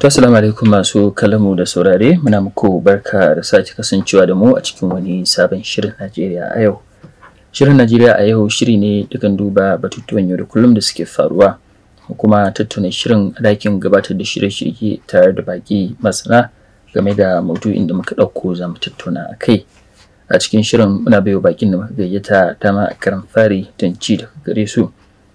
assalamu alaikum masu kalamu da saurare muna muku barka da sake kasancewa da mu a cikin wani sabon shirin Najeriya a yau. Shirin Najeriya a yau shiri ne dukan duba batutuwan yau da kullum da suke faruwa kuma tattauna shirin dakin gabatar da shirye-shirye tare da baƙi masana game da maudu'in da muka ɗauko za mu tattauna a kai a cikin shirin muna baiwa bakin da muka gayyata dama a karan fari don ci daga gare su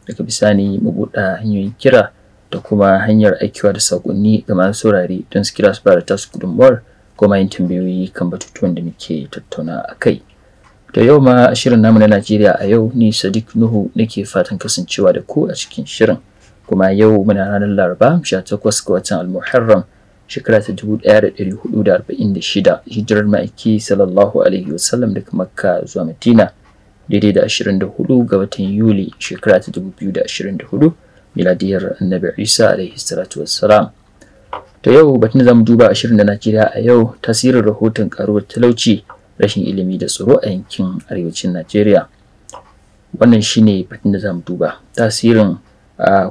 daga bisani mu buɗa hanyoyin kira da kuma hanyar aikiwa da saƙonni ga masu saurare don su kira su fara tasu gudunmuwar kuma yin tambayoyi kan batutuwan da muke tattauna a kai. To yau ma a shirin namu na Najeriya a yau ni Sadiq Nuhu nake fatan kasancewa da ku a cikin shirin. kuma yau muna ranar laraba 18 ga watan al-muharram shekara ta 1446 hijirar ma'aiki sallallahu alaihi wasallam daga makka zuwa madina daidai da 24 ga watan yuli shekara ta 2024 miladiyar annabi isa alaihi salatu wassalam to yau batun zamu duba a shirin da najeriya a yau tasirin rahoton karuwar talauci rashin ilimi da tsaro a yankin arewacin najeriya wannan shine batun da zamu duba tasirin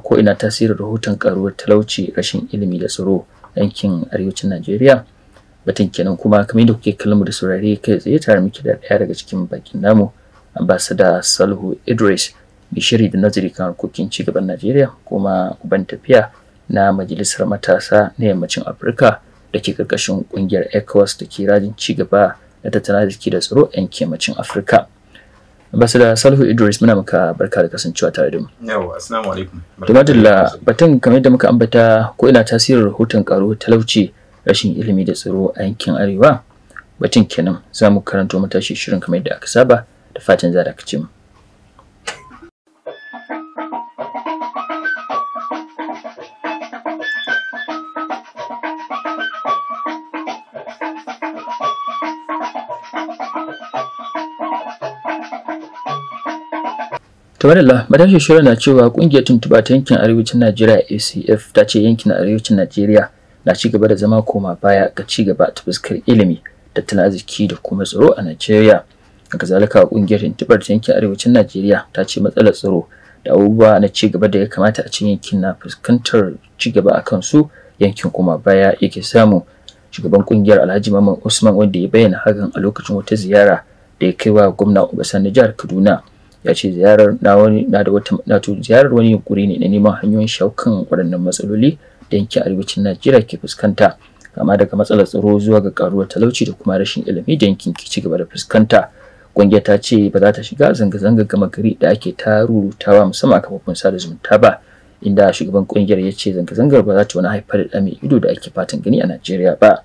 ko ina tasirin rahoton karuwar talauci rashin ilimi da tsaro yankin arewacin najeriya batun kenan kuma kamar da kuke kallon da saurare kai tsaye tare miki da ɗaya daga cikin bakin namu ambassador salhu idris mai shiri da nazari kan harkokin cigaban najeriya kuma uban tafiya na majalisar matasa na yammacin afirka da ke karkashin kungiyar ecowas da ke rajin cigaba da tattalin arziki da tsaro yankin yammacin afirka da Salihu Idris muna maka barka da kasancewa tare da mu. Yawa, assalamu batun kamar yadda muka ambata ko ina tasirin rahoton karo talauci rashin ilimi da tsaro a yankin Arewa. Batun kenan za mu karanto matashi shirin kamar yadda aka saba da fatan za da mu. Tabarallah, matashi shura na cewa kungiyar tuntuɓa ta yankin arewacin Najeriya ACF ta ce yankin arewacin Najeriya na ci gaba da zama koma baya ga ci gaba ta fuskar ilimi, tattalin arziki da kuma tsaro a Najeriya. Haka zalika kungiyar tuntuba ta yankin arewacin Najeriya ta ce matsalar tsaro da abubuwa na ci gaba da ya kamata a cikin yankin na fuskantar ci gaba a kansu yankin kuma baya yake samu. Shugaban kungiyar Alhaji Mamman Usman wanda ya bayyana hakan a lokacin wata ziyara da ya kai wa gwamna Obasanjo jihar Kaduna. ya ce ziyarar na wani na da wata na ziyarar wani yunkuri ne na neman hanyoyin shaukan waɗannan matsaloli da yanke arewacin Najeriya ke fuskanta kama daga matsalar tsaro zuwa ga karuwar talauci da kuma rashin ilimi da yankin ke cigaba da fuskanta Gwangiya ta ce ba za ta shiga zanga-zanga gama gari da ake tarurutawa musamman a kafofin sada zumunta ba inda shugaban kungiyar ya ce zanga-zangar ba za ta wani haifar da ido da ake fatan gani a Najeriya ba.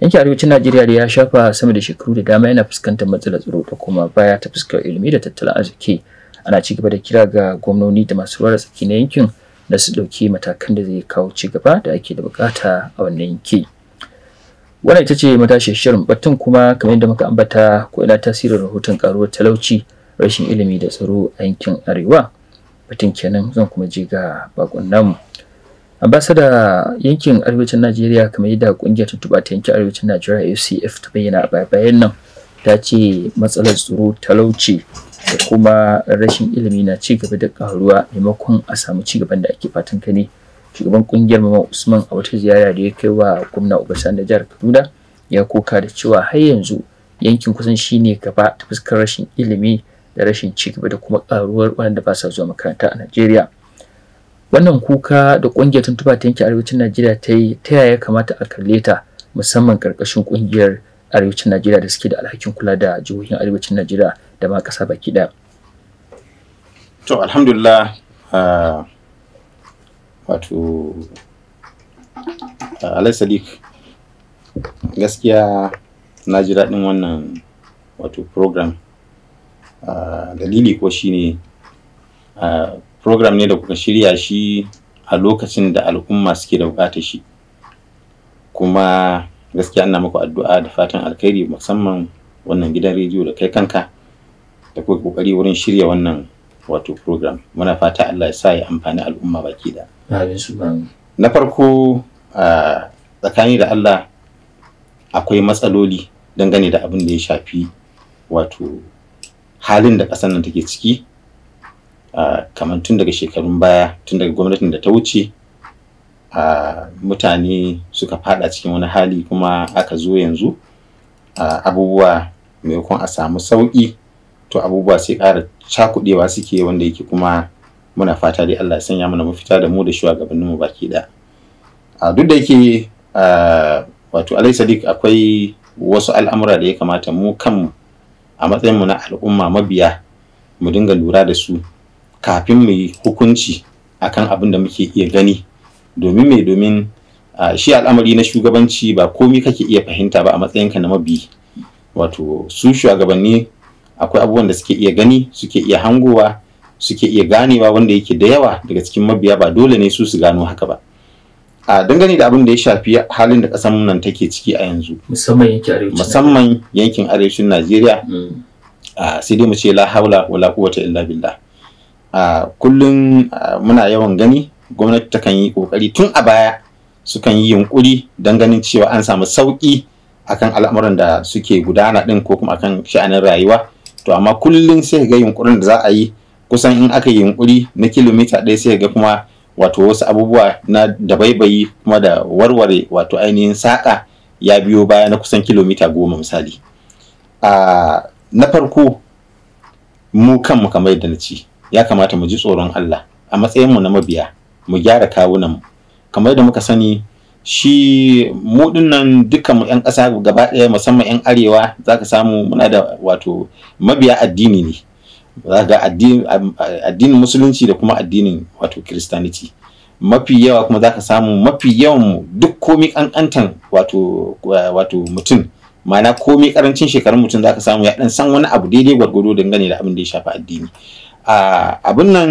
yankin arewacin najeriya da ya shafa sama da shekaru da dama yana fuskantar matsalar tsaro da kuma baya ta fuskar ilimi da tattalin arziki ana ci gaba da kira ga gwamnoni da masu ruwa tsaki na yankin da su ɗauki matakan da zai kawo ci gaba da ake da bukata a wannan yanki wannan ita ce matashi shirin batun kuma kamar yadda muka ambata ko ina tasirin rahoton karuwar talauci rashin ilimi da tsaro a yankin arewa batun kenan zan kuma je ga bakon namu da yankin arewacin najeriya kamar yadda kungiyar tuntuɓa ta yankin arewacin najeriya ucf ta bayyana a bayan nan ta ce matsalar tsaro talauci da kuma rashin ilimi na ci gaba da karuwa maimakon a samu ci gaban da ake fatan ne. shugaban kungiyar mama usman a wata ziyara da ya kai wa gwamna obasan da jihar kaduna ya koka da cewa har yanzu yankin kusan shine gaba ta fuskar rashin ilimi da rashin ci gaba da kuma karuwar wanda ba sa zuwa makaranta a najeriya wannan kuka da ƙungiyar tuntuba ta yanke arewacin najeriya ta yi ta yaya kamata a kalle ta musamman ƙarƙashin kungiyar arewacin najeriya da suke da alhakin kula da jihohin arewacin najeriya da ma kasa baki ɗaya to alhamdulillah ah, wato ah, alai sadiq gaskiya na ji daɗin wannan wato program ah, dalili ko shine program ne da kuka shirya shi a lokacin da al'umma suke da ta shi kuma gaskiya ana muku addu'a da fatan alkhairi musamman wannan gidan rediyo da kai kanka da kuka kokari wurin shirya wannan wato program muna fata Allah ya sa ya amfani al'umma baki da na farko a tsakani da Allah akwai matsaloli dangane da abin da ya shafi wato halin da ƙasar nan take ciki Ah, kamar tun daga shekarun baya tun daga gwamnatin da ta wuce ah, mutane suka fada cikin wani hali kuma aka zo yanzu ah, abubuwa maimakon a samu sauƙi to abubuwa sai ƙara cakuɗewa suke wanda yake kuma muna fata dai Allah sanya mana mafita da mu da mu baki ɗaya duk da yake wato alai sadiq akwai wasu al'amura da ya kamata mu kanmu a mu na al'umma mabiya mu dinga lura da su kafin mu hukunci akan abin da muke iya gani domin mai domin ah, shi al'amari na shugabanci ba komi kake iya fahimta ba a matsayinka na mabi wato su shugabanni akwai abubuwan da suke iya gani suke iya hangowa suke iya ganewa wanda yake da yawa daga cikin mabiya ba dole ne su su gano haka ba a ah, dangane da abin da ya shafi halin da kasan nan take ciki a yanzu musamman yankin arewacin najeriya mm. ah, sai dai mu ce la haula wala quwwata illa billah A kullum muna yawan gani gwamnati ta kan yi kokari tun a baya su kan yi yunkuri don ganin cewa an samu sauki akan al'amuran da suke gudana din ko kuma akan sha'anin rayuwa to amma kullum sai ga yunkurin da za a yi kusan in aka yi yunkuri na kilomita ɗaya sai ga kuma wato wasu abubuwa na dabaibayi kuma da warware wato ainihin saƙa ya biyo baya na kusan kilomita goma misali na farko mu kanmu kamar yadda na ci ya kamata mu ji tsoron Allah a matsayinmu na mabiya mu gyara kawunan mu kamar yadda muka sani shi mu dinnan dukkan 'yan ƙasa gaba ɗaya musamman 'yan arewa za ka samu muna da wato mabiya addini ne za ga addinin musulunci da kuma addinin wato kiristaniti mafi yawa kuma za ka samu mafi yawan mu duk komi kankantan wato wato mutum ma'ana komi karancin shekarun mutum za ka samu ya dan san wani abu daidai gwargwado dangane da abin da ya shafa addini abin nan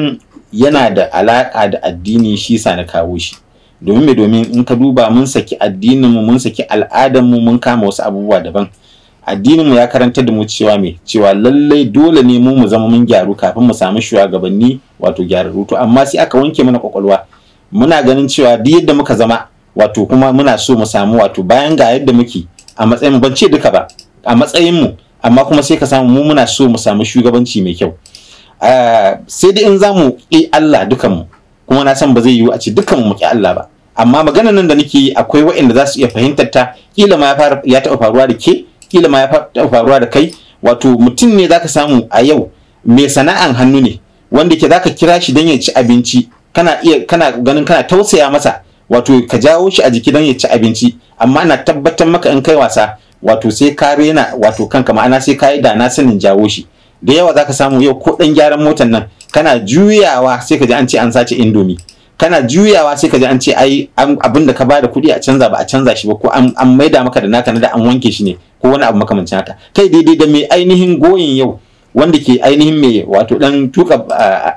yana da alaƙa da addini shi sa na kawo shi domin me domin in ka duba mun saki addininmu mun saki al'adarmu mun kama wasu abubuwa daban addininmu ya karanta da mu cewa mai, cewa lallai dole ne mu mu zama mun gyaru kafin mu samu shugabanni wato gyararru to amma sai aka wanke mana kwakwalwa muna ganin cewa duk yadda muka zama wato kuma muna so mu samu wato bayan ga yadda muke a matsayin ban ce duka ba a matsayin mu amma kuma sai ka samu mu muna so mu samu shugabanci mai kyau Eh, sai dai in za mu ƙi Allah dukanmu kuma na san ba zai yiwu a ce dukanmu mu ƙi Allah ba amma magana nan da nake yi akwai waɗanda za su iya fahimtar ta kila ma ya taɓa faruwa da ke kila ma ya taɓa faruwa da kai wato mutum ne zaka samu a yau mai sana'an hannu ne wanda ke zaka kira shi don ya ci abinci kana iya kana ganin kana tausaya masa wato ka jawo shi a jiki don ya ci abinci amma ana tabbatar maka in kai wasa wato sai ka rena wato kanka ma'ana sai ka yi da na sanin jawo shi da yawa zaka samu yau ko dan gyaran motan nan kana juyawa sai ka an ce an sace indomi kana juyawa sai ka ji an ce ai abin da ka bada kuɗi a canza ba a canza shi ba ko an maida maka da naka na da an wanke shi ne ko wani abu makamancin haka kai daidai da mai ainihin goyin yau wanda ke ainihin mai wato dan tuka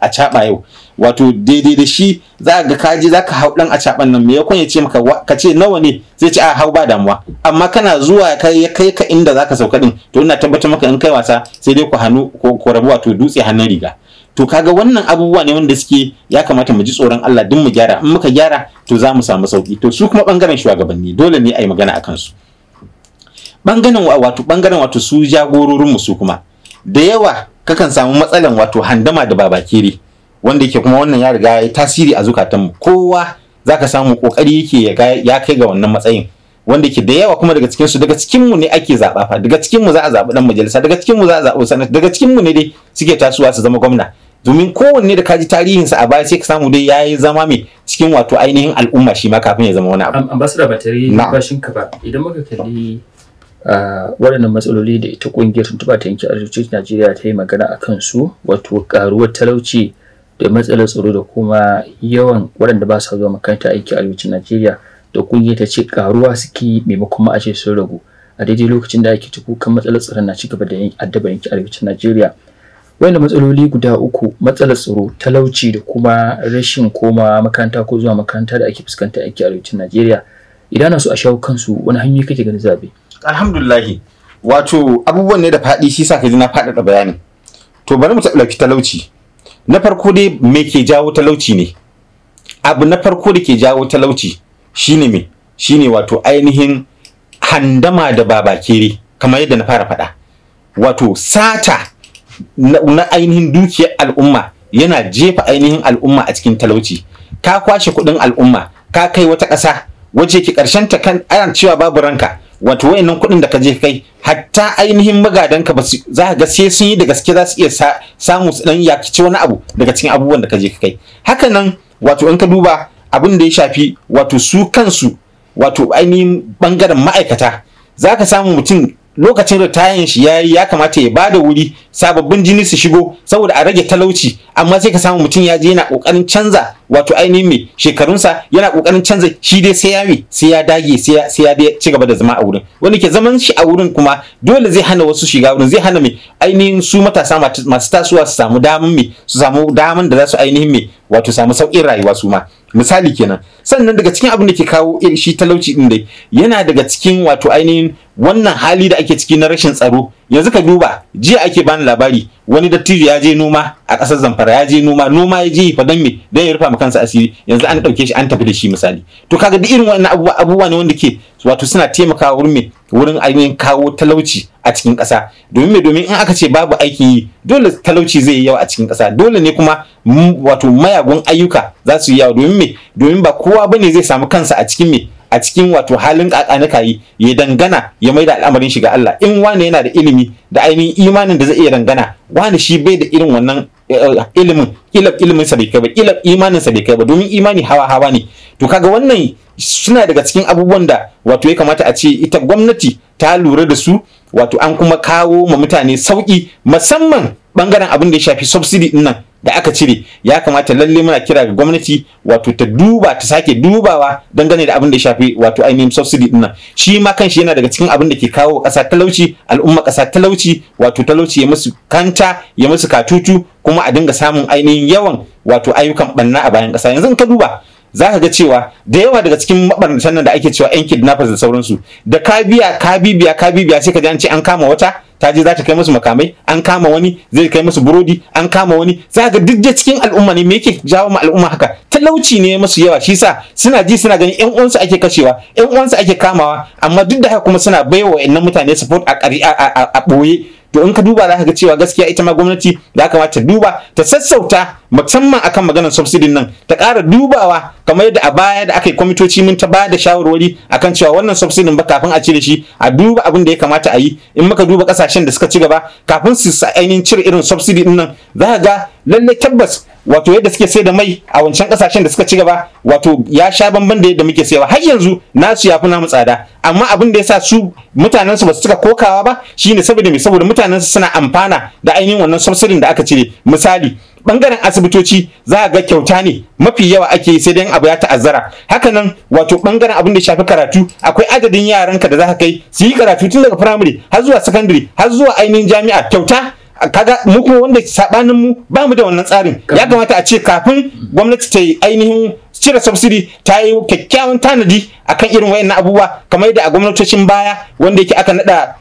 a chaba yau wato daidai da shi za ga kaji za ka hau ɗan a caban nan me ya ce maka ka ce nawa ne zai ce a hau ba damuwa amma kana zuwa kai ya kai ka inda za ka sauka ɗin to ina tabbatar maka in kai wasa sai dai ku hannu ko rabu wato dutse hannun riga to kaga wannan abubuwa ne wanda suke ya kamata mu ji tsoron Allah duk mu gyara in muka gyara to za mu samu sauki to su kuma bangaren shugabanni dole ne a magana a kansu bangaren wato bangaren wato su jagororin mu su kuma da yawa kakan samu matsalan wato handama da babakire wanda yake kuma wannan ya riga ya tasiri a zukatanmu kowa zaka samu kokari yake ya kai ga wannan matsayin wanda ke da yawa kuma daga cikin su daga cikin mu ne ake zaba fa daga cikin mu za a zabi dan majalisa daga cikin mu za a zabi sanata daga cikin mu ne dai suke tasowa su zama gwamna domin kowanne da kaji tarihin sa a baya sai ka samu dai yayi zama mai cikin wato ainihin al'umma shi ma kafin ya zama wani abu ambassador batari bashin ka ba idan muka kalli ah, waɗannan matsaloli da ita kungiyar tuntuba ta yanki arewacin Najeriya ta yi magana akan su wato karuwar talauci da matsalar tsaro da kuma yawan waɗanda ba sa zuwa makaranta aiki a arewacin Najeriya da kungiyar ta ce karuwa suke maimakon ma a ce sun ragu a daidai lokacin da ake tuku kan matsalar tsaron na cigaba da yin addaba yanki arewacin Najeriya wanda matsaloli guda uku matsalar tsaro talauci da kuma rashin koma makaranta ko zuwa makaranta da ake fuskanta aiki a arewacin Najeriya idan na so a shawo kansu wani hanyoyi kake ganin zabe alhamdulillahi wato abubuwan ne da faɗi shi sa ka ji na faɗaɗa bayani to bari mu taɓa talauci na farko dai me ke jawo talauci ne abu na farko da ke jawo talauci shine me shine wato ainihin handama da babakere kamar yadda na fara faɗa wato sata na ainihin dukiyar al'umma yana jefa ainihin al'umma a cikin talauci ka kwashe kuɗin al'umma ka kai wata ƙasa wace ke ƙarshen ta kan ayan cewa babu ranka wato wayannan kuɗin da ka je kai hatta ainihin magadanka ba su za ka ga sai sun yi da gaske za su iya samu su dan yakici wani abu daga cikin abubuwan da ka je kai haka nan wato in ka duba abin da ya shafi wato su kansu wato ainihin bangaren ma'aikata za ka samu mutum lokacin ritayin shi ya yi ya kamata ya bada wuri sababbin jini su shigo saboda a rage talauci amma sai ka samu mutum ya je yana kokarin canza wato ainihin mai shekarunsa yana kokarin canza shi dai sai ya yi sai ya dage sai ya ci gaba da zama a wurin wanda ke zaman shi a wurin kuma dole zai hana wasu shiga wurin zai hana mai ainihin su matasa masu tasowa su samu daman mai su samu daman da za su ainihin mai wato samu sauƙin rayuwa su ma misali kenan sannan daga cikin abin da ke kawo shi talauci din dai yana daga cikin wato ainihin wannan hali da ake ciki na rashin tsaro yanzu ka duba jiya ake bani labari wani dattijo ya je noma a ƙasar zamfara ya je noma noma ya je fa dan me don ya rufa kansa asiri yanzu an ɗauke shi an tafi da shi misali to kaga duk irin wannan abubuwa ne wanda ke wato suna taimakawa wurin me wurin ainihin kawo talauci a cikin ƙasa domin me domin in aka ce babu aiki yi dole talauci zai yi yawa a cikin ƙasa dole ne kuma wato mayagun ayyuka za su yi yawa domin me domin ba kowa bane zai samu kansa a cikin me a cikin wato halin na yi ya dangana ya da al'amarin shi ga Allah in wane yana da ilimi da ainihin imanin da zai iya dangana wani shi bai da irin wannan eh, ilimin kila ilimin sa bai kai ba kila imanin sa bai kai ba domin imani hawa hawa ne to kaga wannan suna daga cikin abubuwan da wato ya kamata a ce ita gwamnati ta lura da su wato an kuma kawo ma mutane sauki musamman bangaren abin da ya shafi subsidy din nan da aka cire ya kamata lalle muna kira ga gwamnati wato ta duba ta sake dubawa don dangane da abin da ya shafi wato ainihin subsidy dinnan. shi ma kanshi yana daga cikin abin da ke kawo ƙasa talauci al'umma ƙasa talauci wato talauci ya musu kanta ya musu katutu kuma a dinga samun ainihin yawan wato ayyukan banna a bayan ƙasa yanzu in ka duba za ka ga cewa da yawa daga cikin mabarnatan nan da ake cewa yan kidnappers da sauransu da ka biya ka bibiya ka bibiya sai ka ji an ce an kama wata ta je za ta kai musu makamai an kama wani zai kai musu burodi an kama wani za ga duk da cikin al'umma ne me yake jawo ma al'umma haka talauci ne musu yawa shi sa suna ji suna ganin ƴan uwansu ake kashewa yan uwansu ake kamawa amma duk da haka kuma suna baiwa wa'annan mutane support a a ɓoye. to in ka duba za ka ga cewa gaskiya ita ma gwamnati ya kamata duba ta sassauta musamman akan maganar subsidin nan ta ƙara dubawa kamar yadda a baya da aka yi kwamitoci mun ta bada shawarwari akan cewa wannan subsidin ba kafin a cire shi a duba abin da ya kamata a yi in muka duba kasashen da suka ci gaba kafin su ainihin cire irin subsidin nan za ka ga lallai tabbas wato yadda suke sai da mai a wancan kasashen da suka ci gaba wato ya sha bamban da yadda muke sayawa har yanzu nasu ya fi namu tsada amma abin da ya sa su mutanen ba su cika kokawa ba shine saboda me saboda mutanen su suna amfana da ainihin wannan subsidin da aka cire misali bangaren asibitoci za ga kyauta ne mafi yawa ake yi sai dai abu ya ta'azzara hakanan wato bangaren abin da shafi karatu akwai adadin yaranka da za ka kai su yi karatu tun daga firamare har zuwa sakandare har zuwa ainihin jami'a kyauta kaga mu kuma wanda sabanin mu ba mu da wannan tsarin ya kamata a ce kafin gwamnati ta yi ainihin cire subsidy ta yi kyakkyawan tanadi akan irin wayannan abubuwa kamar da a gwamnatocin baya wanda yake aka nada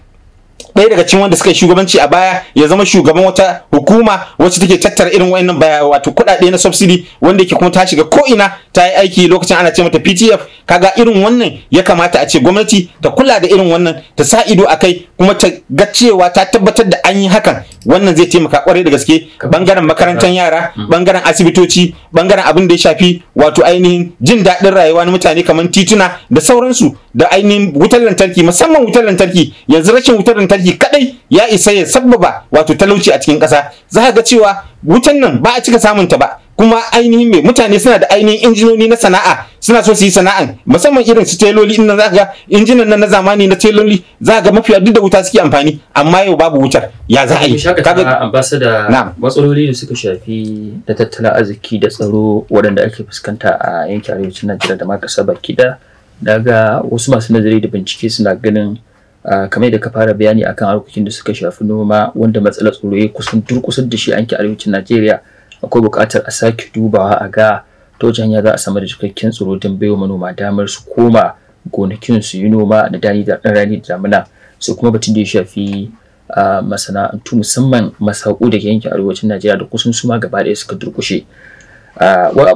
ɗaya daga cikin wanda suka yi shugabanci a baya ya zama shugaban wata hukuma wacce take tattara irin wayannan baya wato kuɗaɗe na subsidy wanda yake kuma ta shiga ko ina ta yi aiki lokacin ana ce mata PTF kaga irin wannan ya kamata a ce gwamnati ta kula da irin wannan ta sa ido a kai kuma ta ga cewa ta tabbatar da an yi hakan wannan zai taimaka kwarai da gaske bangaren makarantar yara bangaren asibitoci bangaren abin da ya shafi wato ainihin jin daɗin rayuwa na mutane kamar tituna da sauransu da ainihin wutar lantarki musamman wutar lantarki yanzu rashin wutar lantarki kadai ya isa ya sabbaba wato talauci a cikin ƙasa za ga cewa wutan nan ba a cika samunta ba kuma ainihin me mutane suna da ainihin injinoni na sana'a suna so su yi sana'an musamman irin su teloli in za ga injinan nan na zamani na teloli za ga mafiya duk da wuta suke amfani amma yau babu wutar ya za a yi kaga ambassador matsaloli da suka shafi da tattalin arziki da tsaro waɗanda ake fuskanta a yankin arewacin Najeriya da ma ƙasa baki da daga wasu masu nazari da bincike suna ganin kamar da ka fara bayani akan harkokin da suka shafi noma wanda matsalar tsaro ya kusan durkusar da shi yankin arewacin Najeriya akwai buƙatar a sake dubawa a ga ta wajen hanya za a samar da cikakken tsaro don baiwa manoma damar su koma gonakin su yi noma da dani da rani da damina sai kuma batun da ya shafi masana'antu musamman masaku da yankin arewacin najeriya da kusan suma gaba ɗaya suka durkushe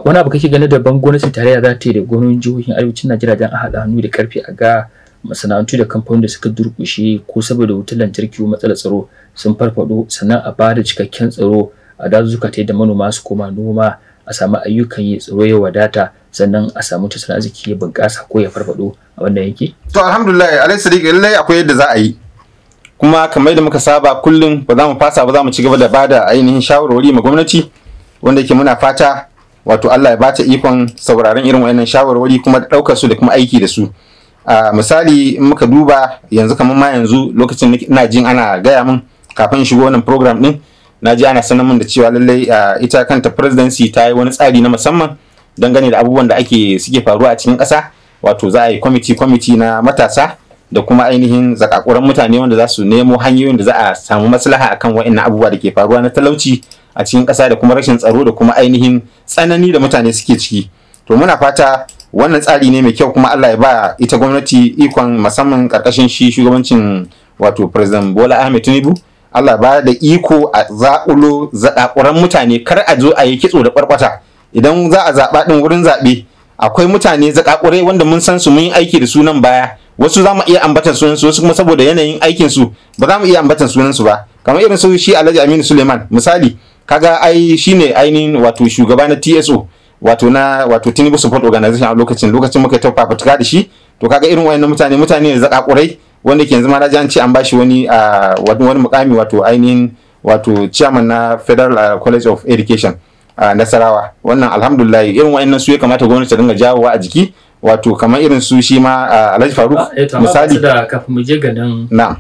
wani abu kake gane da ban gwamnatin tarayya za ta yi da gwamnonin jihohin arewacin najeriya don a hada hannu da karfi a ga masana'antu da kamfanin da suka durkushe ko saboda wutar lantarki ko matsalar tsaro sun farfaɗo sannan a ba da cikakken tsaro A dazuka ta da manoma su koma noma a samu ayyukan yi tsaro ya wadata sannan a samu tattalin arziki ya bunƙasa ko ya farfado a wannan yanki to alhamdulillah alai sadiq lallai akwai yadda za a yi kuma kamar da muka saba kullum ba za mu fasa ba za mu ci gaba da bada ainihin shawarwari ma gwamnati wanda yake muna fata wato Allah ya bata ikon sauraron irin wayannan shawarwari kuma da ɗaukar su da kuma aiki da su a misali in muka duba yanzu kamar ma yanzu lokacin na jin ana gaya min kafin shigo wannan program din na ji ana sanar min da cewa lallai ita kanta presidency ta yi wani tsari na musamman dangane da abubuwan da ake suke faruwa a cikin ƙasa wato za a yi kwamiti kwamiti na matasa da kuma ainihin zakakuran mutane wanda za su nemo hanyoyin da za a samu maslaha akan wa'in abubuwa da ke faruwa na talauci a cikin ƙasa da kuma rashin tsaro da kuma ainihin tsanani da mutane suke ciki to muna fata wannan tsari ne mai kyau kuma Allah ya ba ita gwamnati ikon musamman karkashin shi shugabancin wato president Bola Ahmed Tinubu Allah ba da iko a zaƙulo zaƙaƙuran mutane kar a zo a yi kitso da ƙwarƙwata idan za a zaɓa ɗin wurin zaɓe akwai mutane zaƙaƙurai wanda mun san su mun yi aiki da sunan baya wasu za mu iya ambatan sunansu wasu kuma saboda yanayin aikin su ba za mu iya ambatan sunansu ba kamar irin su shi Alhaji Aminu Suleiman misali kaga ai shine ainihin wato shugaba na TSO wato na wato Tinubu Support Organization a lokacin lokacin muka tafafa da shi to kaga irin wayannan mutane mutane zaƙaƙurai wanda ke yanzu ma an ce an bashi ah, wani wani mukami wato ainihin wato chairman na Federal ah, College of Education a ah, Nasarawa wannan alhamdulillah irin wa'annan su ya kamata gwamnati ta dinga jawowa a jiki wato kamar irin su shi ma Alhaji Faruk eh, misali da kafin mu je ga nan na'am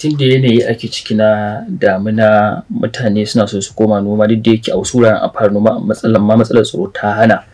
tun da yanayi ake ciki na damina mutane suna so su koma noma duk da yake a wasu a fara noma matsalar ma matsalar tsaro ta hana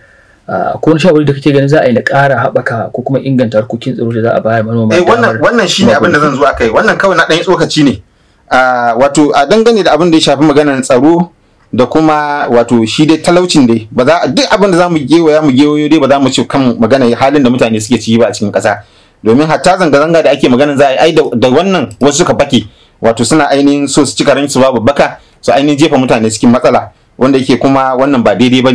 Ah, ko wani shawari da kake ganin za a yi na ƙara haɓaka ko kuma inganta harkokin tsaro da za a bayar manoma eh, wannan wannan shine abin da zan zo akai wannan kawai na ɗan tsokaci ne ah, wato a dangane da abin da ya shafi maganar tsaro da kuma wato shi dai talaucin dai ba za duk abin da za mu ya mu gewayo dai ba za mu ci kan magana halin da mutane suke ciki ba a cikin ƙasa domin hatta zanga-zanga da ake magana za a yi ai da wannan wasu suka baki wato suna ainihin so su ci ranki su babu baka su ainihin jefa mutane cikin matsala wanda yake kuma wannan ba daidai ba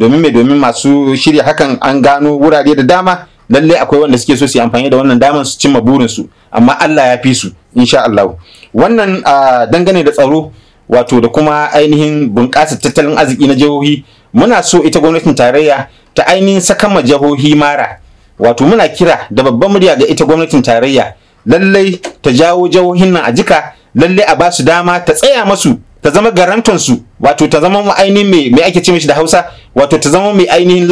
domin mai domin masu shirya hakan an gano wurare da dama lallai akwai wanda suke so su amfani da wannan daman su cimma burinsu amma Allah ya fi su insha Allah wannan dangane da tsaro wato da kuma ainihin bunƙasa tattalin arziki na jihohi muna so ita gwamnatin tarayya ta ainihin ma jihohi mara wato muna kira da babban murya ga ita gwamnatin tarayya lallai ta jawo jihohin nan a jika lallai a ba su dama ta tsaya masu ta zama garantonsu wato ta zama mu ainihin mai ake ce mishi da hausa wato ta zama mai ainihin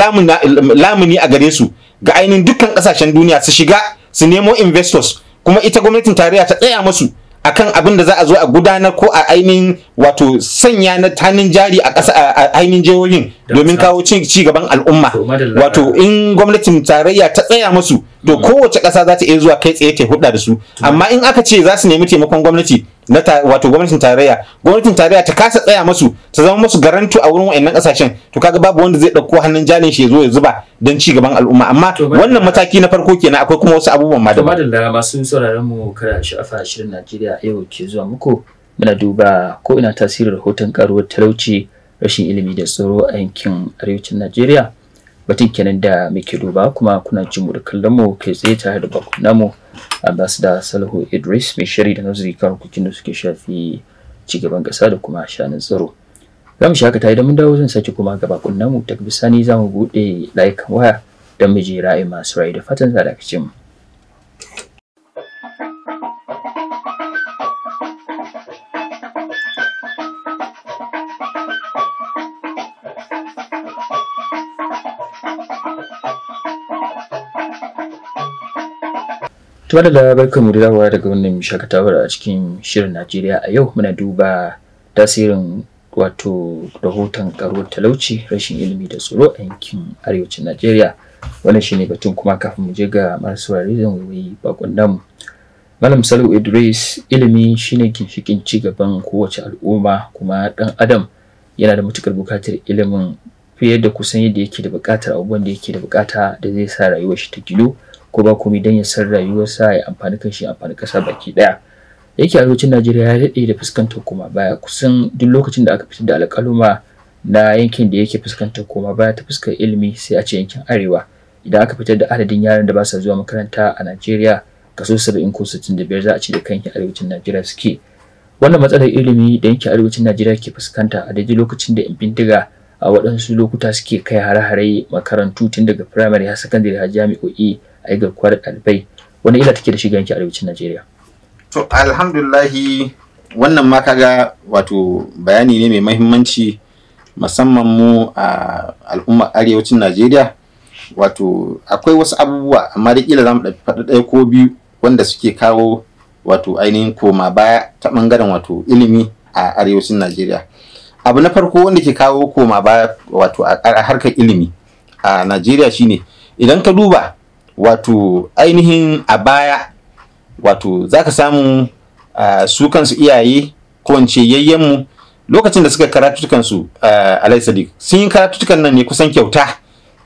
lamuni a gare su ga ainihin dukkan kasashen duniya su shiga su nemo investors kuma ita gwamnatin tarayya ta tsaya musu akan abin da za a zo a gudanar ko a ainihin wato sanya na tanin jari a ƙasa a ainihin jihohin domin kawo ci gaban al'umma wato in gwamnatin tarayya ta tsaya musu to mm. kowace ƙasa za ta iya zuwa kai tsaye ta hudda da su amma in aka ce za su nemi taimakon gwamnati na wato gwamnatin tarayya gwamnatin tarayya ta kasa tsaya musu ta zama musu garantu a wurin wayannan ƙasashen to kaga babu wanda zai ɗauko hannun jari shi ya zo ya zuba don ci gaban al'umma amma wannan mataki na farko kenan akwai kuma wasu abubuwan ma da masu sauraron mu kada afa shirin Najeriya yau ke zuwa muku muna duba ko ina tasirin rahoton karuwar talauci rashin ilimi da tsaro a yankin arewacin najeriya batun kenan da muke duba kuma kuna jin mu da kallon mu kai tsaye tare da bakon namu ambassador salihu idris mai shari da nazari kan hukukin da suke shafi cigaban ƙasa da kuma shanin tsaro za mu tare da mun dawo zan sake kuma gaba bakon mu. daga bisani za mu buɗe layukan waya don mu je ra'ayi masu ra'ayi da fatan za da mu Tuwa da barkan mu da dawowa daga wannan shakatawar a cikin shirin Najeriya a yau muna duba tasirin wato rahoton karo talauci rashin ilimi da tsoro a yankin arewacin Najeriya. Wannan shine batun kuma kafin mu je ga masu wari zan wuri bakon namu. Malam Salu Idris ilimi shine ginshikin ci gaban kowace al'umma kuma dan Adam yana da matukar bukatar ilimin fiye da kusan yadda yake da bukatar abubuwan da yake da bukata da zai sa rayuwar shi ta gilo. ko ba komai don ya san rayuwarsa ya amfani kan shi amfani kasa baki daya yake arewacin najeriya ya daɗe da fuskantar koma baya kusan duk lokacin da aka fitar da alƙaluma na yankin da yake fuskantar koma baya ta fuskar ilimi sai a ce yankin arewa idan aka fitar da adadin yaran da ba sa zuwa makaranta a najeriya kaso 70 ko 65 za a ce da kan arewacin najeriya suke wannan matsalar ilimi da yankin arewacin najeriya ke fuskanta a daidai lokacin da bindiga a waɗansu lokuta suke kai hare-hare makarantu tun daga firamare har sakandare har jami'o'i ai ga kwar ɗalibai wani ila take da shi ga yanki arewacin Najeriya to alhamdulillahi wannan ma kaga wato bayani ne mai mahimmanci musamman mu a al'ummar arewacin Najeriya wato akwai wasu abubuwa amma da za zamu faɗi ɗaya ko biyu wanda suke kawo wato ainihin koma baya ta bangaren wato ilimi a arewacin Najeriya abu na farko wanda ke kawo koma baya wato a harkar ilimi a Najeriya shine idan ka duba wato ainihin a baya wato za ka samu su kansu iyaye ko in ce yayyenmu lokacin da suka uh, alai sadiq sun yi tukan nan ne kusan kyauta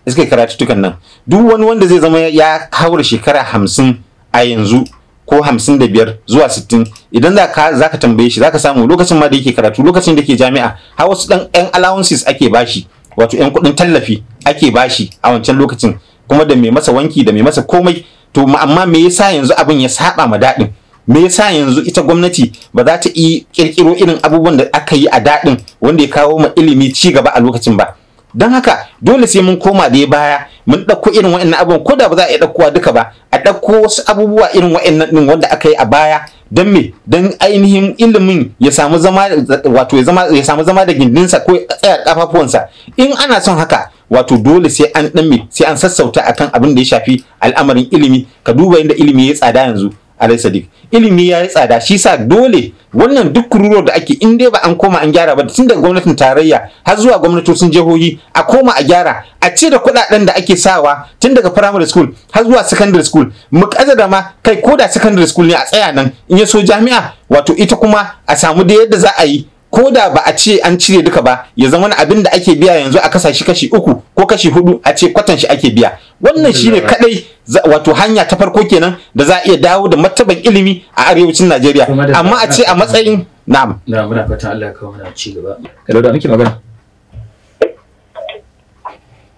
suka tukan nan duk wani wanda zai zama ya haura shekara hamsin a yanzu ko hamsin da biyar zuwa sittin idan za ka tambaye shi za ka samu lokacin ma da yake karatu lokacin da ke jami'a har wasu ɗan yan allowances ake bashi wato yan kuɗin tallafi ake bashi a wancan lokacin kuma da mai masa wanki da mai masa komai to amma me yasa yanzu abin ya saba ma daɗin me yasa yanzu ita gwamnati ba za ta yi kirkiro irin abubuwan da aka yi a daɗin wanda ya kawo ma ilimi ci gaba a lokacin ba don haka dole sai mun koma da baya mun ɗauko irin wa'annan abubuwan ko da ba za a iya ɗaukowa duka ba a ɗauko wasu abubuwa irin wa'annan ɗin wanda aka yi a baya don me don ainihin ilimin ya samu zama wato ya samu zama da gindinsa ko ya tsaya kafafuwansa in ana son haka wato dole sai an dan sai an sassauta akan abin da ya shafi al'amarin ilimi ka duba inda ilimi ya tsada yanzu alai sadiq ilimi ya yi tsada shi sa dole wannan duk kururo da ake in dai ba an koma an gyara ba tun daga gwamnatin tarayya har zuwa gwamnatocin jihohi a koma a gyara a ce da kuɗaɗen da ake sawa tun daga primary school har zuwa secondary school mu da ma kai ko da secondary school ne a tsaya nan in ya so jami'a wato ita kuma a samu da yadda za a yi ko da ba a ce an cire duka ba ya zama wani abin da ake biya yanzu a kasa shi kashi uku ko kashi hudu a ce kwatan shi ake biya wannan shine kadai wato hanya ta farko kenan da za a iya dawo da martaban ilimi a arewacin Najeriya amma a ce a matsayin na'am na muna fatan Allah ya kawo mana ci gaba kallo da muke magana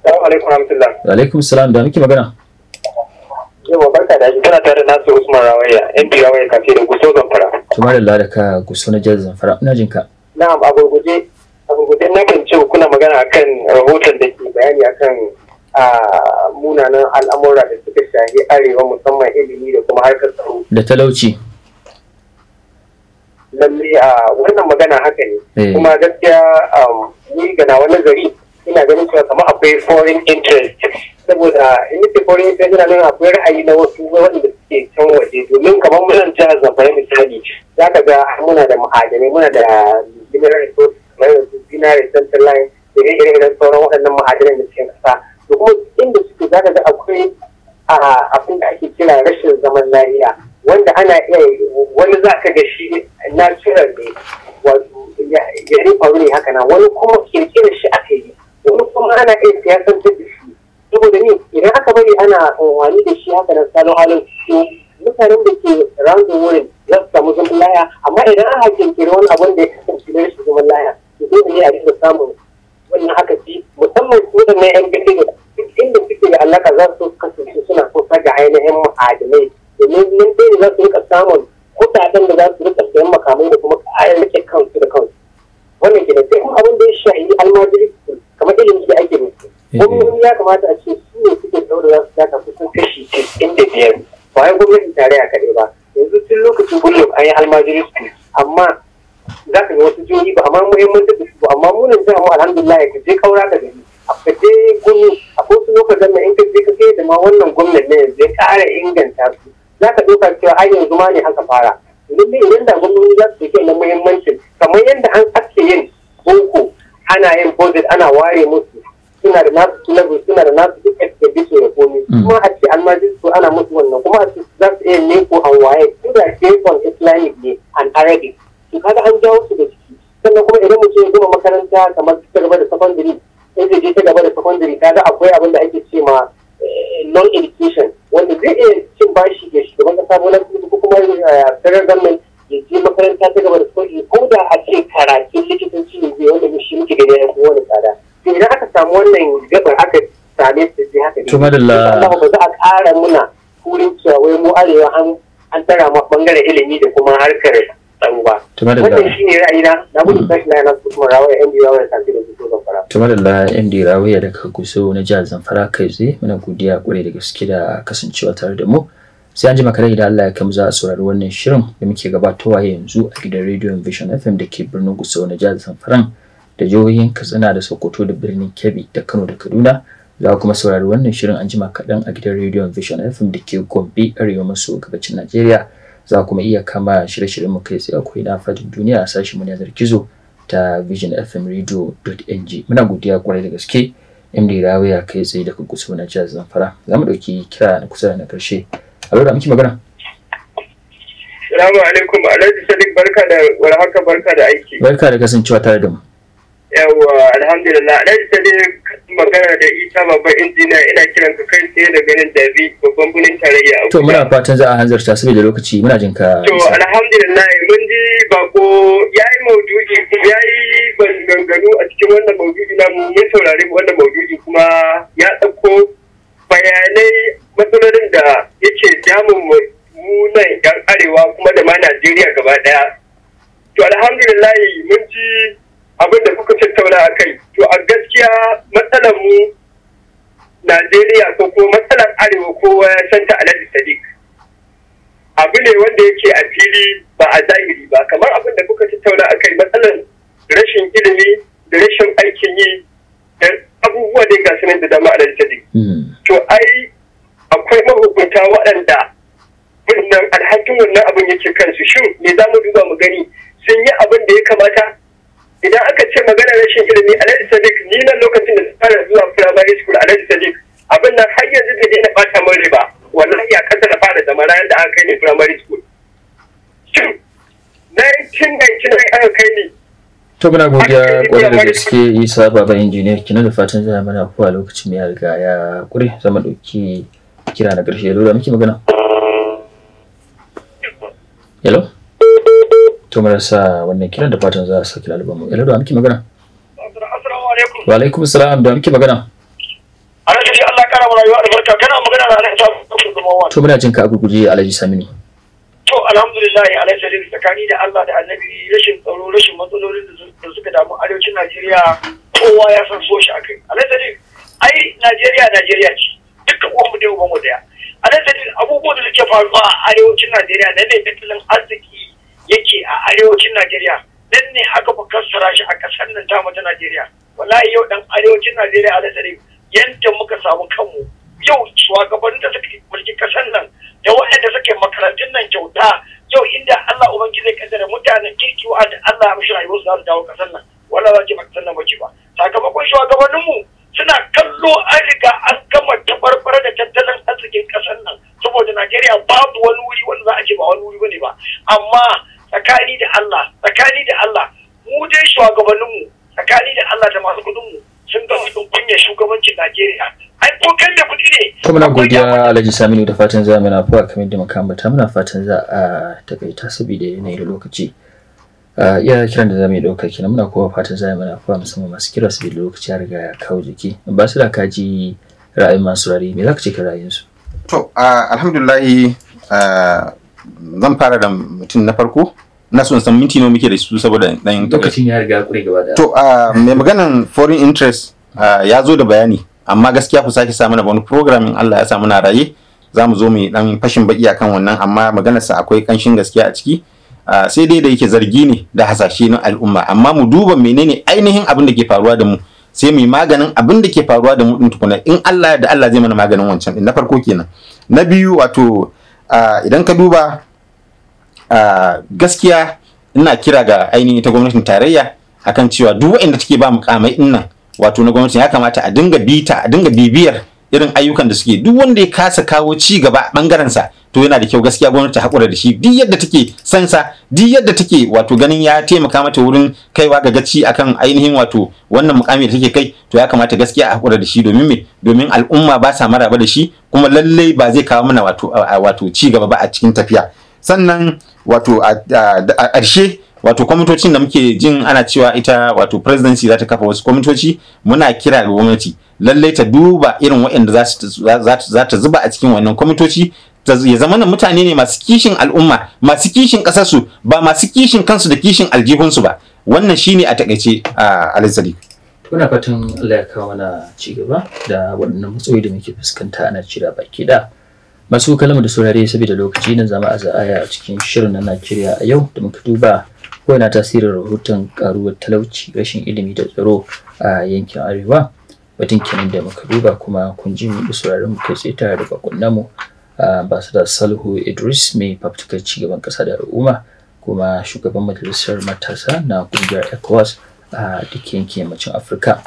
Assalamu alaikum warahmatullah Wa alaikum salam da muke magana Yawa barka da shi kana tare da Nasiru Usman Rawaya MP Rawaya kafe da Guso Zamfara Tuma da ka Guso na jihar Zamfara ina jin ka na'am a gurguje a gurguje na kan ce kuna magana akan rahoton da ke bayani akan munanan al'amura da suka shahi arewa musamman ilimi da kuma harkar tsaro da talauci lalle a wannan magana haka ne eh. kuma gaskiya ni ga nawa nazari ina ganin cewa kamar akwai foreign interest saboda in yi teforin ta jira nan akwai ra'ayi na wasu waɗanda suke can waje domin kamar munan jihar zamfara misali za ka ga muna da ma'adanai muna da mineral resources kamar yanzu binary central line da ire-iren sauran waɗannan ma'adanan da suke kasa. To kuma inda suke za ka ga akwai abin da ake kira rashin zaman lafiya wanda ana iya wani za ka ga shi natural ne wato ya faru ne haka na wani kuma kirkirar shi aka yi wani kuma ana iya siyasantar da ana amfani da shi haka nan salon halin su mutanen da ke rangin wurin za su samu zaman laya amma idan an hakin wani abin da ya kasance da shi zaman laya to dole ne a dinga samun wannan haka ci musamman su na yan gidi da inda suke da alaka za su kasance suna so saka ainihin ma'adinai domin nan dai za su rika samun kuɗaɗen da za su rika sayan makamai da kuma kayan rike kansu da kansu wannan gida sai kuma abin da ya shahi almajiri kamar ilimin da ake musu eh, eh. gwamnati ya kamata a ce suke ɗaura za su kusan kashi cikin da biyar ba wai gwamnatin tarayya kaɗai ba yanzu tun lokacin gullum an yi almajiri su amma za ka yi wasu jihohi ba amma muhimmanci da su amma munin jihar mu alhamdulillah ya kaje kaura ka gani a kaje gudu a wasu lokacin da in ka je ka kai da ma wannan gwamnati ne yanzu ya ƙara inganta su za ka ɗauka cewa ai yanzu ma ne aka fara duk da idan da gwamnati za su ɗauki na muhimmancin kamar yadda an ake yin boko ana yin budget ana ware musu suna da nasu level suna da nasu da biso da komi mm. kuma a ce almajirsu ana musu wannan kuma a ce za su iya neko an waye tun da islamic ne an arabic su kaga an jawo su da ciki sannan kuma idan mutum ya gama makaranta kamar ta gaba da secondary in zai je ta gaba da secondary kaga akwai abin to madalla za a ƙara muna turin cewa mu arewa an an tara ilimi da kuma harkar tsaro ba to madalla wannan shine ra'ayina na gudu na nan kuma rawaya zamfara to madalla yan dirawa da ka guso na kai da gaske da kasancewa tare da mu sai an ji makarai idan Allah ya kam za a saurari wannan shirin da muke gabatowa yanzu a gidan rediyon Vision FM da ke birnin Gusau na jihar Zamfara da jihohin Katsina da Sokoto da birnin Kebbi da Kano da Kaduna za kuma saurari wannan shirin an jima kaɗan a gidan rediyon vision fm da ke gombe arewa maso gabacin najeriya za kuma iya kama shirye-shiryen mu kai tsaye akwai na fadin duniya a sashen mun yanar gizo ta Vision FM radio.ng muna godiya kwarai da gaske md rawaya kai tsaye daga gusu na jihar zamfara za mu ɗauki kira na kusa da na ƙarshe a lura miki magana Salamu alaikum Alhaji Sadiq barka da warhaka barka da aiki. Barka da kasancewa tare da mu. Yawwa alhamdulillah Alhaji Sadiq magana da ita babban injiniya ina kiran ka kai tsaye daga nan dabi babban birnin tarayya To muna fatan za a hanzarta saboda lokaci muna jin ka. To alhamdulillah mun ji bako yayi maudu'i yayi gangano a cikin wannan maududi na mun saurari wannan maududi. kuma ya ɗauko bayanai matsalolin da yake damun mu nan yan arewa kuma da ma Najeriya gaba ɗaya. To alhamdulillah mun ji abin da kuka magana a to a gaskiya matsalar mu najeriya ko ko matsalar arewa kowa ya santa alhaji sadiq abu ne wanda yake a fili ba a zahiri ba kamar abin da kuka tattauna a kai matsalar rashin ilimi da rashin aikin yi da abubuwa da ga sanin da dama alhaji sadiq hmm. to ai akwai mahukunta waɗanda wannan alhakin wannan abin yake kansu shin me za mu duba mu gani sun yi abin da ya kamata idan aka ce magana rashin ilimi alhaji sadiq ni nan lokacin da na fara zuwa primary school alhaji sadiq abin nan har yanzu bai daina bata min riba wallahi ya kasa da fara zama ranar da aka kai ni primary school nineteen ninety nine aka kai ni to muna godiya da gaske isa baba injiniyar kina da fatan zai mana ko a lokacin ya riga ya kure zama dauki kira na karshe lura muke magana hello to sa wannan kiran da fatan za a saki lalaba mu ila da muke magana wa alaikum salam da muke magana alhaji Allah kara mu rayuwa albarka kana magana da alhaji Sami to muna jin ka a guguje alhaji Samini to alhamdulillah alhaji Sami tsakani da Allah da annabi rashin tsaro rashin matsalolin da suka damu arewacin Najeriya kowa ya san so shi akai alhaji ai Najeriya Najeriya ce dukkan uwan mu yau ba mu daya alhaji Sami abubuwan da suke faruwa a arewacin Najeriya na ne tattalin arziki yake a arewacin Najeriya nan ne aka fassara shi a ƙasar nan ta ta Najeriya wallahi yau dan arewacin Najeriya a alasari yanda muka samu kanmu yau shugabannin da suke mulki ƙasar nan da waɗanda suke makarantun nan kyauta yau inda Allah ubangiji zai kaddara mutanen kirki da Allah ya mishi rayuwar su za su dawo ƙasar nan wala za ki ƙasar nan ba sakamakon mu suna kallo an riga an gama tabarbar da tattalin arzikin ƙasar nan saboda Najeriya babu wani wuri wanda za a ce ba wani wuri bane ba amma tsakani da Allah tsakani da Allah mu dai shugabanninmu tsakani da Allah da masu kudinmu sun ga mutum kunya shugabancin Najeriya ai ko kan da kudi ne to muna godiya Alhaji Saminu da fatan za mu na fa kamar da ta muna fatan za a takaita saboda yanayin lokaci iya kiran da zamu yi dauka kenan muna kowa fatan za mu na fa musamman masu kira su lokaci ya riga ya kawo jiki ba su da kaji ra'ayin masu rari me za ka ce ka ra'ayin su to alhamdulillah zan fara da mutum na farko na son san minti nawa muke da su saboda dan lokacin ya riga kure gaba da to ah, mai maganan foreign interest ah, ya zo da bayani amma gaskiya ku sake sa mana wani program Allah ya sa muna raye za mu zo mu dan fashin baki akan wannan amma maganar sa akwai kanshin gaskiya a ciki ah, sai dai da yake zargi ne da hasashe na al'umma amma mu duba menene ainihin abin da ke faruwa da mu sai mu yi maganin abin da ke faruwa da mu din tukuna in Allah da Allah zai mana maganin wancan na farko kenan na biyu wato idan ka duba gaskiya ina kira ga ainihin ta gwamnatin tarayya akan cewa duk waɗanda take ba mukamai in nan wato na gwamnati ya kamata a dinga bita a dinga bibiyar irin ayyukan da suke duk wanda ya kasa kawo ci gaba a bangaren sa to yana da kyau gaskiya gwamnati ta hakura da shi duk yadda take san sa duk yadda take wato ganin ya taimaka mata wurin kaiwa ga gaci akan ainihin wato wannan mukami da take kai to ya kamata gaskiya a hakura da shi domin me domin al'umma ba sa maraba da shi kuma lallai ba zai kawo mana wato wato ci gaba ba a cikin tafiya sannan wato a ƙarshe wato kwamitocin da muke jin ana cewa ita wato presidency za ta kafa wasu kwamitoci muna kira ga gwamnati lallai ta duba irin waɗanda za ta zuba a cikin wannan kwamitoci ya zama na mutane ne masu kishin al'umma masu kishin ƙasarsu ba masu kishin kansu da kishin aljihunsu ba wannan shine a takaice a alizali kuna fatan Allah ya kawo na cigaba da waɗannan matsayi da muke fuskanta ana cira baki da masu kalama da saurare saboda lokaci na zama a za'aya a cikin shirin na Najeriya a yau da muka duba ko yana tasirin rahoton karuwar talauci rashin ilimi da tsaro a yankin arewa batun kenan da muka duba kuma kun ji mu saurare mu kai tsaye tare da bakon namu ba su da salhu Idris mai ci gaban kasa da al'umma kuma shugaban majalisar matasa na kungiyar ECOWAS a duk yankin yammacin Afirka.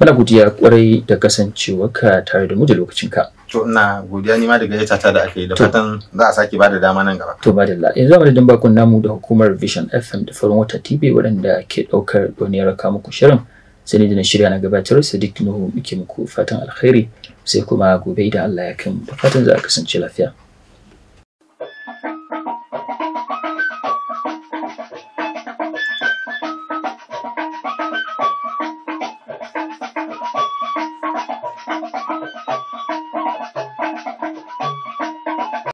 Muna godiya kwarai da kasancewarka tare da mu da lokacinka. To ina godiya ma da gayyata ta da aka yi da fatan za a sake bada dama nan gaba. To badalla yanzu zamu da bakon namu da hukumar Vision FM da farin wata TV waɗanda ke ɗaukar doniyar raka muku shirin sai ne da na shirya na gabatar Sadiq Nuhu muke muku fatan alkhairi sai kuma gobe da Allah ya kai da fatan za a kasance lafiya.